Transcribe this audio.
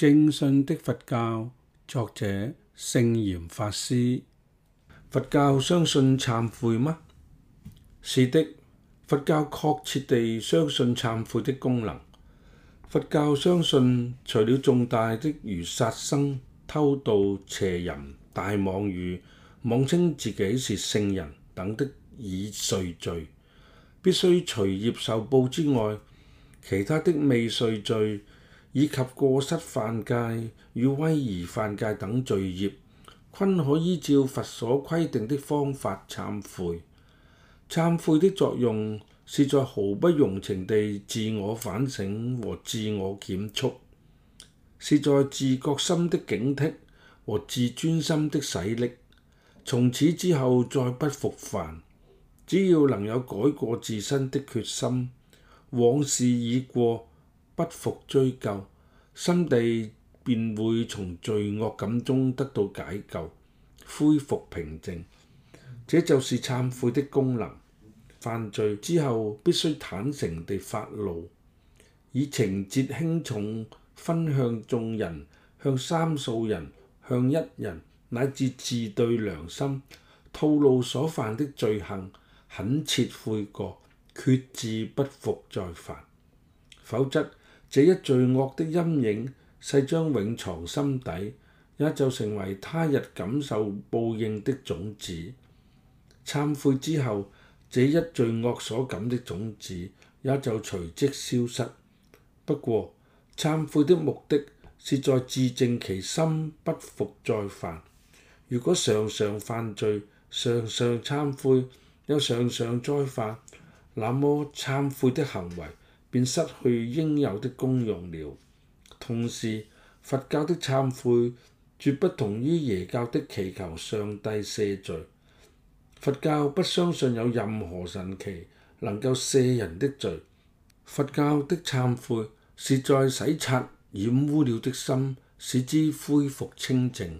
.正信的佛教，作者聖嚴法師，佛教相信懺悔嗎？是的，佛教確切地相信懺悔的功能。佛教相信，除了重大的如殺生、偷盜、邪淫、大妄語、妄稱自己是聖人等的已遂罪，必須除業受報之外，其他的未遂罪。以及過失犯戒與威儀犯戒等罪業，均可依照佛所規定的方法懺悔。懺悔的作用是在毫不容情地自我反省和自我檢束，是在自覺心的警惕和自尊心的洗滌。從此之後再不復犯，只要能有改過自身的決心，往事已過，不復追究。心地便會從罪惡感中得到解救，恢復平靜。這就是懺悔的功能。犯罪之後必須坦誠地發露，以情節輕重分向眾人、向三數人、向一人，乃至自對良心，吐露所犯的罪行，懇切悔過，決志不復再犯，否則，這一罪惡的陰影勢將永藏心底，也就成為他日感受報應的種子。懺悔之後，這一罪惡所感的種子也就隨即消失。不過，懺悔的目的是在自證其心，不復再犯。如果常常犯罪、常常懺悔，又常常再犯，那麼懺悔的行為，便失去應有的功用了。同時，佛教的懺悔絕不同於耶教的祈求上帝赦罪。佛教不相信有任何神祇能夠赦人的罪。佛教的懺悔是在洗刷染污了的心，使之恢復清淨。